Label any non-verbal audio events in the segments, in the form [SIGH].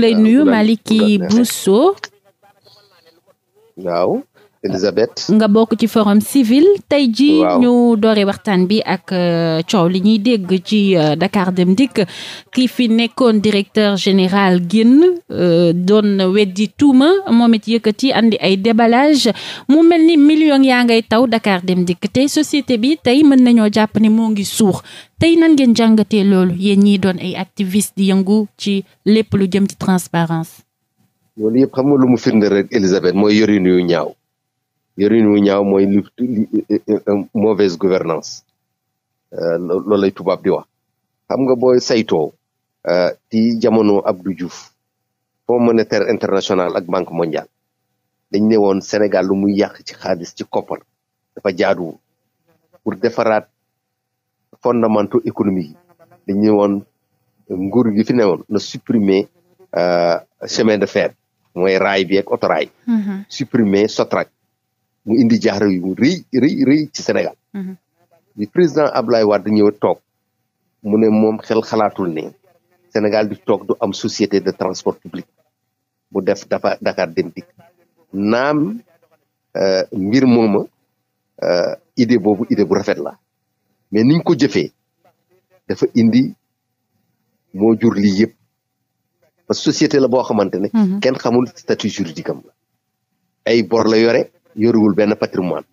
ngi lay nuyu Maliki Bousso nga bokk ci forum civil tey ji ñu doore waxtaan bi ak euh, coow li ñuy dégg ci euh, Dakar Dem Dikk ki fi nekkoon directeur général génn euh, doon weddi tuuma moom it yëkkati andi ay déballage mu mel ni million yaa ngay taw Dakar Dem Dikk tey société bi tey mën nañoo jàpp ne moo ngi suux tey nan ngeen jàngatee loolu yéen ñiy doon ay activiste di yëngu ci lépp lu jëm ci transparence loolu yëpp xam nga lu mu firnde rek Elisabeth mooy yorin yu ñaaw yorin wu ñaaw mooy li mauvaise gouvernance euh, loolu lay tubaab di wax xam nga booy saytoo euh, ci jamono Abdou Diouf Fonds monétaire international ak banque mondiale dañ ne woon Sénégal lu muy yàq ci xaalis ci koppar dafa jaaduwul pour defaraat fondamentaux économiques yi dañ ne woon nguur gi fi newoon na supprimer euh, chemin de fer mooy raay bi ak autorail mm-hmm. supprimer Sotrac mu indi jaaro yu rëy rëy ci Sénégal. Mhm. bi président Abdoulaye Wade ñëw toog mu ne moom xel xalaatul ne Sénégal di toog du am société de transport public bu def dafa Dakar dem dikk naam euh, mbir mooma euh, idée boobu idée bu rafet la mais niñ ko jëfee dafa indi moo jur lii yëpp parce que société la boo xamante ne. Mhm. kenn xamul statut juridique am la ay bor la yore. yoruwul benn patrimoine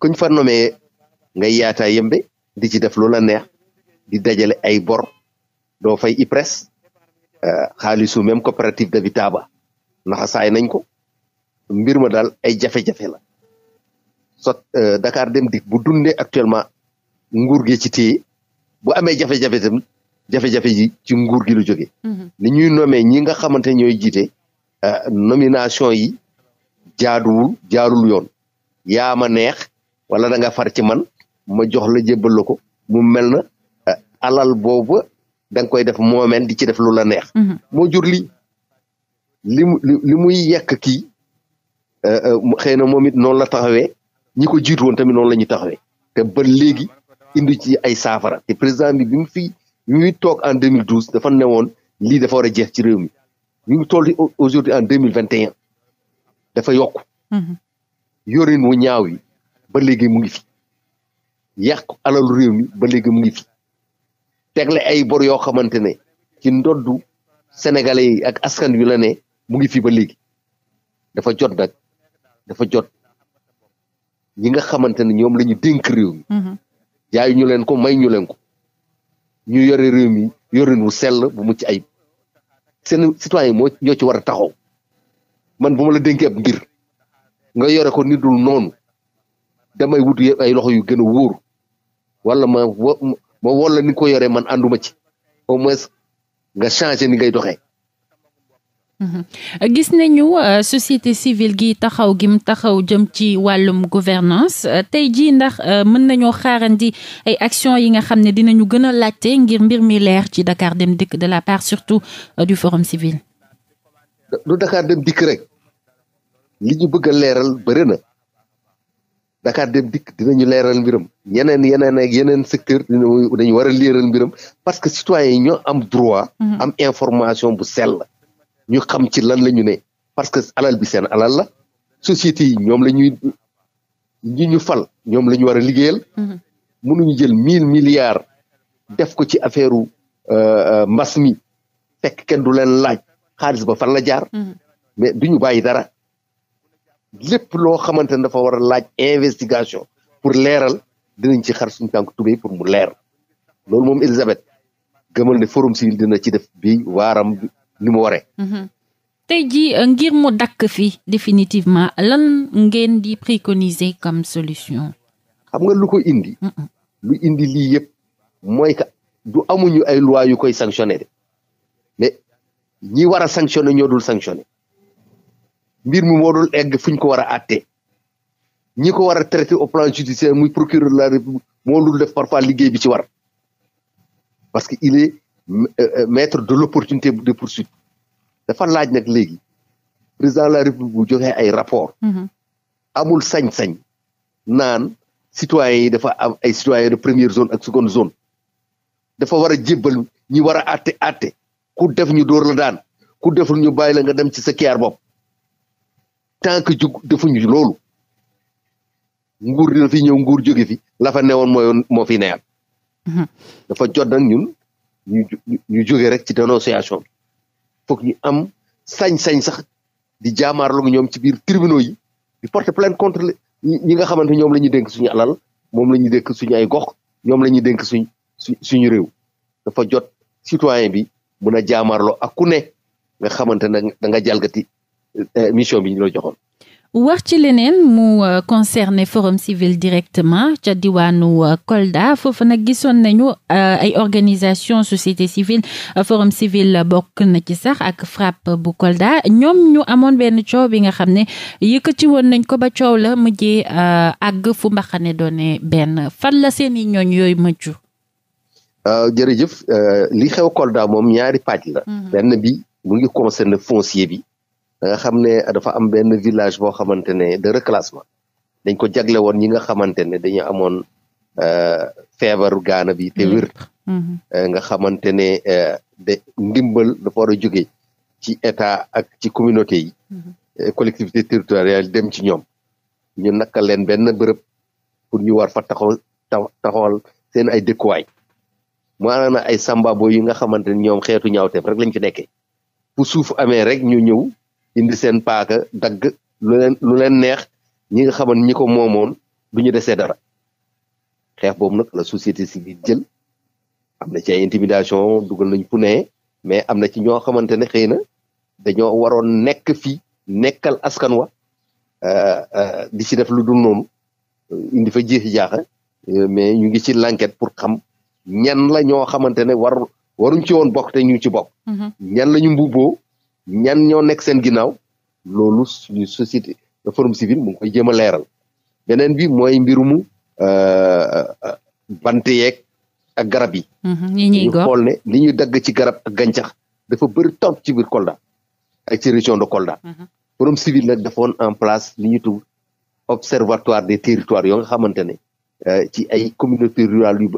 kuñ fa nomee ngay yaataa yëmbe di ci def lu la neex di dajale ay bor doo fay IPRES euh, xaalisu même coopérative d'habitat ba naxasaay nañ ko mbir ma daal ay jafe-jafe la sot euh, Dakar Dem Dikk bu dundee actuellement nguur gi ci téye bu amee jafe-jafe tam jafe ji ci nguur gi jóge mm-hmm. ni ñuy nomee ñi nga xamante ñooy jiite euh, nomination yi jaaduwul jaarul yoon yaa a neex wala da nga far ci man ma jox la jébbal mu mel na eh, alal boobu da nga koy def moomeen di ci def lu la neex. Mhm. moo jur lii li mu li muy yekk kii eh, eh, xëy na moom it noonu la taxawee ñi ko jiitu woon tamit noonu la ñuy taxawee te ba léegi indi ci ay saafara te président bi bi mu fi bi muy toog en 2012 dafa ne woon li dafa war jeex ci réew mi ñu ngi toll aujourd'hui en 2021 dafa yokk mm-hmm. yorin wu ñaaw yi ba léegi mu ngi fi yàq alalu réew mi ba léegi mu ngi fi tegle ay bor yoo xamante ne ci ndoddu sénégalais yi ak askan wi la ne mu ngi fi ba léegi dafa jot nag dafa jot ñi nga xamante ne ñoom lañu ñu réew mi mm-hmm. jaay ñu leen ko may ñu leen ko ñu yore réew mi yorin wu sell bu mucc ayib seen citoyen moo ñoo ci war a taxaw man bu ma la dénkee ab mbir nga yore ko nit du noonu damay wut ay loxo yu gën a wóor wala ma wo ma ko yore man ànduma ci au moins nga changé ni ngay doxee. Mm-hmm. gis nañu euh, société civile gi taxaw gim taxaw jëm ci wàllum gouvernance tey jii ndax euh, mën nañoo xaarandi ay action yi nga xam ne dinañu gën a laajte ngir mbir mi leer ci Dakar Dem Dikk de la part surtout euh, du Forum Civil. du Dakar Dem Dikk rek li ñu bëgg a leeral bëri na Dakar dem dikk dinañu leeral mbiram yeneen yeneen ak yeneen secteur dañu war a leeral mbiram parce que citoyens yi ñoo am droit. Mhm. am information bu sell. ñu xam ci lan la ñu ne parce que alal bi seen alal la société yi ñoom lañu ñuy ñi ñu fal ñoom lañu ñu war a liggéeyal. Mhm. jël mille milliards def ko ci affaire euh, euh, mbas mi fekk kenn du leen laaj xaalis ba fan la jaar. Mhm. mais duñu bàyyi dara. lépp loo xamante ne dafa war a laaj investigation pour leeral dinañ ci xar suñu tànk tubéy pour mu leer loolu moom Elisabeth gëmal ne forum civil dina ci def bi waaram ni mu waree. Mhm. tey jii euh, ngir mu dakk fi définitivement lan ngeen di préconiser comme solution. xam nga lu ko indi. lu indi lii yëpp mooy que du amuñu ay loi yu koy sanctionné de mais ñi war a sanctionné ñoo dul sanctionné. mbir mi moo dul egg fu ñu ko war a àtte ñi ko war a traité au plan judiciaire muy procureur de la république moo dul def parfois liggéey bi ci war parce que il est euh, euh, maître de l'opportunité de poursuite dafa laaj nag léegi président la république bu joxee ay rapport mhm. amul sañ-sañ naan citoyens yi dafa am ay citoyens de première zone ak seconde zone dafa war a jébbal ñi war a àtte àtte ku def ñu dóor la daan ku deful ñu bàyyi la nga dem ci sa kiyaar bopp tant que jug defuñu loolu nguur dina fi ñëw nguur jóge fi lafa fa newoon mooy moo fi neyal mhm. dafa jot nag ñun ñu ñu jóge rek ci dénonciation bi foog ñu am sañ-sañ sax di jaamaarloo ñoom ci biir tribunaux yi di porter plainte contre ñi nga xamante ñoom la ñuy dénk suñu alal moom la ñuy dénk suñu ay gox ñoom la ñuy dénk suñ suñu réew dafa jot citoyen bi mun a jaamaarloo ak ku ne nga xamante ne da nga jalgati Eh, mission bi ñu la joxoon. wax ci leneen mu euh, concerné forum civil directement ca diwaanu euh, Kolda foofu nag gisoon nañu euh, ay organisation société civile forum civil bokk na ci sax ak FRAPP bu Kolda ñoom ñu amoon benn coow bi nga xam ne yëkkati woon nañ ko ba coow la mujjee àgg fu mbaxane doone benn fan la seeni ñooñ yooyu mujj. jërëjëf li xew Kolda moom ñaari pàcc la. Mhm. benn bi mu ngi concerné foncier bi. da nga xam ne dafa am benn village boo xamante ne de reclassement dañ ko jagle woon ñi nga xamante ne dañu amoon euh, feebaru gaana bi te wér mm-hmm. euh, nga xamante ne euh, de ndimbal dafa war a jóge ci état ak ci communauté yi mm-hmm. collectivité territoriale dem ci ñoom ñu naka leen benn bërëb pour ñu war fa taxaw taxawal seen ay dëkkuwaay maanaam ay sambabo yi nga xamante ne ñoom xeetu ñaawteef rek lañ fi nekkee bu suuf amee rek ñu ñëw indi seen paaka dagg lu leen lu leen neex ñi nga xaman ñi ko moomoon du ñu desee dara xeex boobu nag la société civile jël am na ci ay intimidation dugal nañ fu ne mais am na ci ñoo xamante ne xëy na dañoo waroon nekk fii nekkal askan wa euh, euh, di ci def lu dul noonu indi fa jeexi jaaxa euh, mais ñu ngi ci l'enquête pour xam ñan la ñoo xamante ne war waruñ ci woon bokk te ñu ci bokk. Mm-hmm. ñan la ñu mbubboo ñan ñoo nekk seen ginnaaw loolu suñu société de forum civil mu ngi koy jéem a leeral beneen bi mooy mbir mbirumu euh, euh, bant yeeg a garab yi. Mhm, ñu xool ne li ñuy dagg ci garab ak gàncax dafa bëri trop ci biir Kolda ak ci région de Kolda. Mhm. forum civil nag defoon en place li ñuy tudd observatoire des territoires yoo nga xamante ne euh, ci ay communauté rurale yu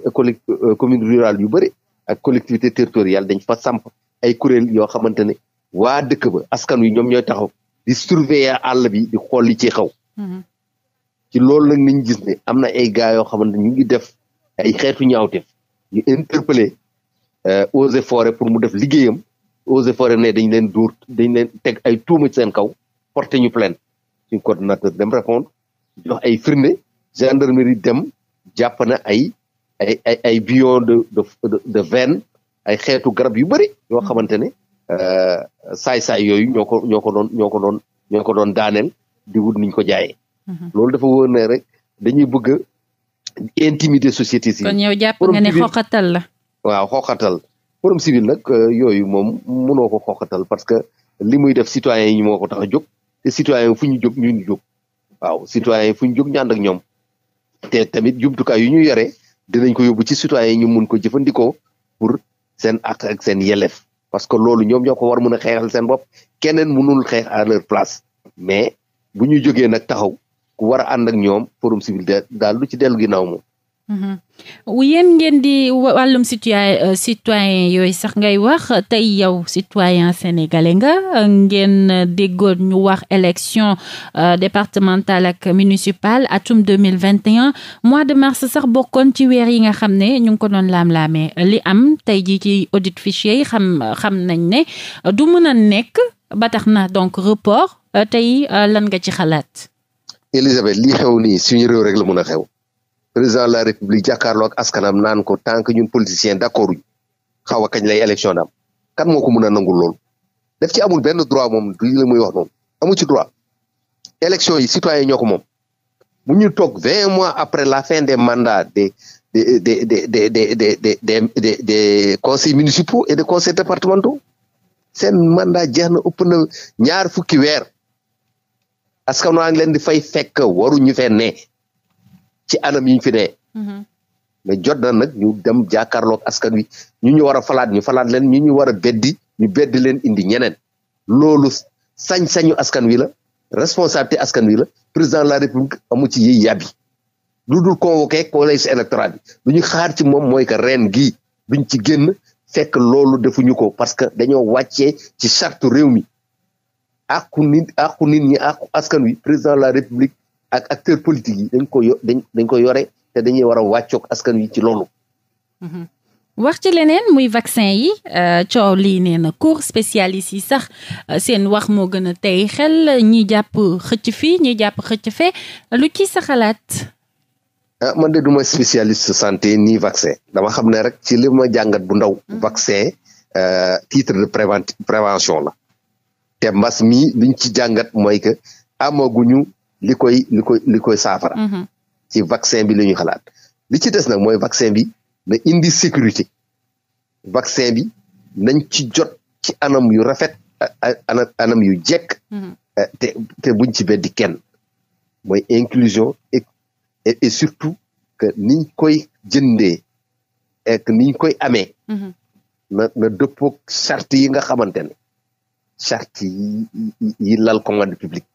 commune rurale yu bëri ak collectivité territoriale dañ fa samp ay kuréel yoo xamante ne waa dëkk ba askan wi ñoom ñooy taxaw di surveiller àll bi di xool li ci xaw mm-hmm. loolu nag nañ gis ne am na ay gars yoo xamante ñu ngi def ay xeetu ñaawteef ñu interpeller euh, eaux et forêt pour mu def liggéeyam eaux et forêt ne dañ leen dóor dañ leen teg ay tuuma seen kaw porté ñu plainte suñ coordonnateur dem répondre jox ay firnde gendarmerie dem jàpp na ay ay ay ay billon de de de ay xeetu garab yu bëri yoo mm-hmm. xamante ne Euh, saay-saay yooyu ñoo ko ñoo ko doon ñoo ko doon ñoo ko doon daaneel di wut niñ ko jaayee. Mhm. loolu dafa wóor ne rek dañuy bëgg a intimider société civile. kon yow jàpp nga ne xoqatal la. waaw xoqatal forum civil nag euh, yooyu moom mënoo ko xoqatal parce que li muy def citoyens yi moo ko tax a te citoyens fu ñu jóg ñu ñu waaw citoyens fu ñu jóg ñu ak ñoom te tamit jumtukaay yu ñu yore dinañ ko yóbbu ci citoyens yi ñu mun ko jëfandikoo pour seen àq ak seen yelleef. parce que loolu ñoom ñoo ko war mun a xeexal seen bopp keneen mënul xeex à leur place mais bu ñu jógee nag taxaw ku war a ànd ak ñoom forum civil daal lu ci dellu ginnaaw moom Mm-hmm. yéen ngeen di wàllum citoyen euh, citoyen yooyu sax ngay wax tey yow citoyen sénégalais nga ngeen déggoon ñu wax élection euh, départementale ak municipale atum 2021 mois de mars sax bokkoon ci weer yi nga xam ne ñu ngi ko doon laam-laamee li am tey jii ci audit fichier yi xam xam nañ ne du mën a nekk ba tax na donc report euh, tey lan nga ci xalaat Elisabeth li xew nii suñu réew rek la mën a xew président de la république jàkkaarloo ak askanam naan ko tant que ñun politicien d' accord uñ xaw a kañ lay élection kan moo ko mën a nangul loolu daf ci amul benn droit moom du la muy wax noonu amul ci droit élection yi citoyen ñoo ko moom bu ñu toog vingt mois après la fin des mandats des des des des des de des des des conseils municipaux et des conseils départementaux seen mandat jeex na ëpp ñaar fukki weer askan waa ngi leen di fay fekk waruñu fee ne ci anam yi ñu fi nee mm-hmm. mais jot na nag ñu dem jàkkaarloog askan wi ñu ñu war a falaat ñu falaat leen ñu ñu war a beddi ñu beddi leen indi ñeneen loolu sañ-sañu askan wi la responsabilité askan wi la président la république amu ci yiy yàbbi lu dul convoqué collège électoral bi lu ñu xaar ci moom mooy que reen gi duñ ci génn fekk loolu defuñu ko parce que dañoo wàccee ci charte réew mi àqu nit àqu nit ñi àqu askan wi président la république ak acteurs politiques yi dañ ko dañ dañ yore te dañuy war a wàccoog askan wi ci loolu mm-hmm. wax ci leneen muy vaccin yi euh, coow lii nee na cours spécialiste yi sax euh, seen wax moo gën a tey xel ñi jàpp xëcc fii ñi jàpp xëcc fee lu ci sa xalaat ah man de duma spécialiste santé ni vaccin dama xam ne rek ci li ma jàngat bu ndaw mm-hmm. vaccin euh, titre de prévention la te mbas mi liñ ci jàngat mooy amaguñu li koy li koy li koy saafara. Mm-hmm. ci vaccin bi la xalaat. li ci des nag mooy vaccin bi na indi sécurité vaccin bi nañ ci jot ci anam yu rafet anam anam yu jekk. Mm-hmm. Eh, te buñ ci beddi kenn mooy inclusion et surtout niñ koy jëndee ak niñ koy amee. Mm-hmm. na na charte yi nga xamante ne charte yi yi lal commande publique.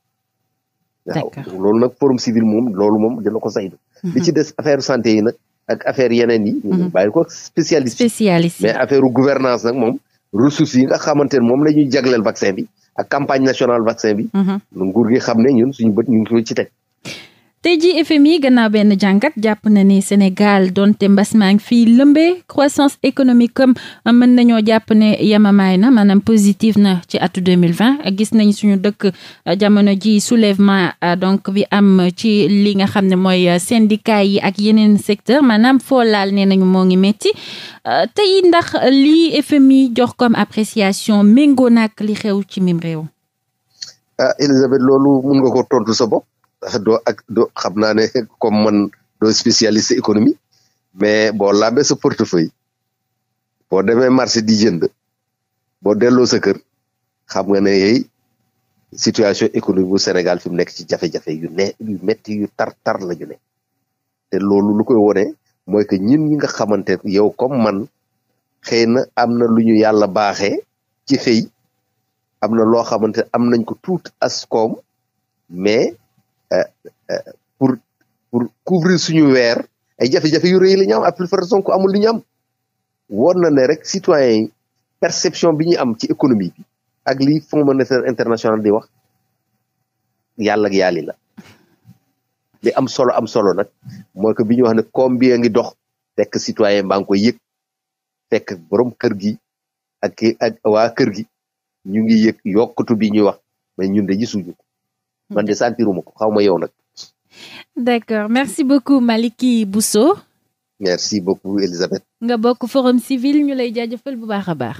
waaw loolu nag forum civil moom loolu moom dina ko saytu. Mhm. li ci des affaire santé yi nag ak affaire yeneen yi. ñu mhm. bàyyi ko spécialiste. spécialiste mais affaire gouvernance nag moom ressources yi nga xamante ne moom la ñuy jagleel vaccin bi ak campagne nationale vaccin bi. Mhm. nguur gi xam ne ñun suñu bët ñu ngi ci teg. tey jii FMI gannaaw benn jàngat jàpp na ni Sénégal donte mbas fii lëmbee croissance économique comme mën nañoo jàpp ne yemamaay na maanaam positive na ci atu 2020 gis nañu suñu dëkk euh, jamono jii soulèvement euh, donc bi am ci li nga xam ne mooy euh, syndicat yi ak yeneen secteur maanaam foo laal nee nañu moo ngi metti tey ndax lii FMI jox comme appréciation méngoo nag li xew ci mim réew. ah loolu mun nga ko tontu sa doo ak do xam naa ne [LAUGHS] comme man doo spécialiste économie mais boo làmbee sa portefeuille boo demee marché di jënd boo delloo sa kër xam nga ne yey situation économique bu Sénégal fi mu nekk ci jafe yu ne yu metti yu tar tar la ñu ne te loolu lu koy wone mooy que ñun ñi nga xamante yow comme man xëy na am na lu ñu yàlla baaxee ci xëy am na loo xamante am nañ ko tuuti as koom mais Eh, eh, pour pour couvrir suñu weer ay jafe-jafe yu rëy la ñu am à plus forte ku amul li ñu am woon na ne rek citoyens yi perception bi ñu am ci économie bi ak li Fonds monétaire international di wax yàlla ak yàlli la li am solo am solo nag mooy que bi ñu wax ne combien ngi dox fekk citoyen baa ngi koy yëg fekk borom kër gi ak ak waa kër gi ñu ngi yëg yokkutu bi ñuy wax mais ñun de suñu ko man mm-hmm. de sentiruma ko xaw ma yow nag. d'accord merci beaucoup Maliki Bousso. merci beaucoup Elisabeth. nga bokk Forum Civil ñu lay jaajëfal bu baax a baax.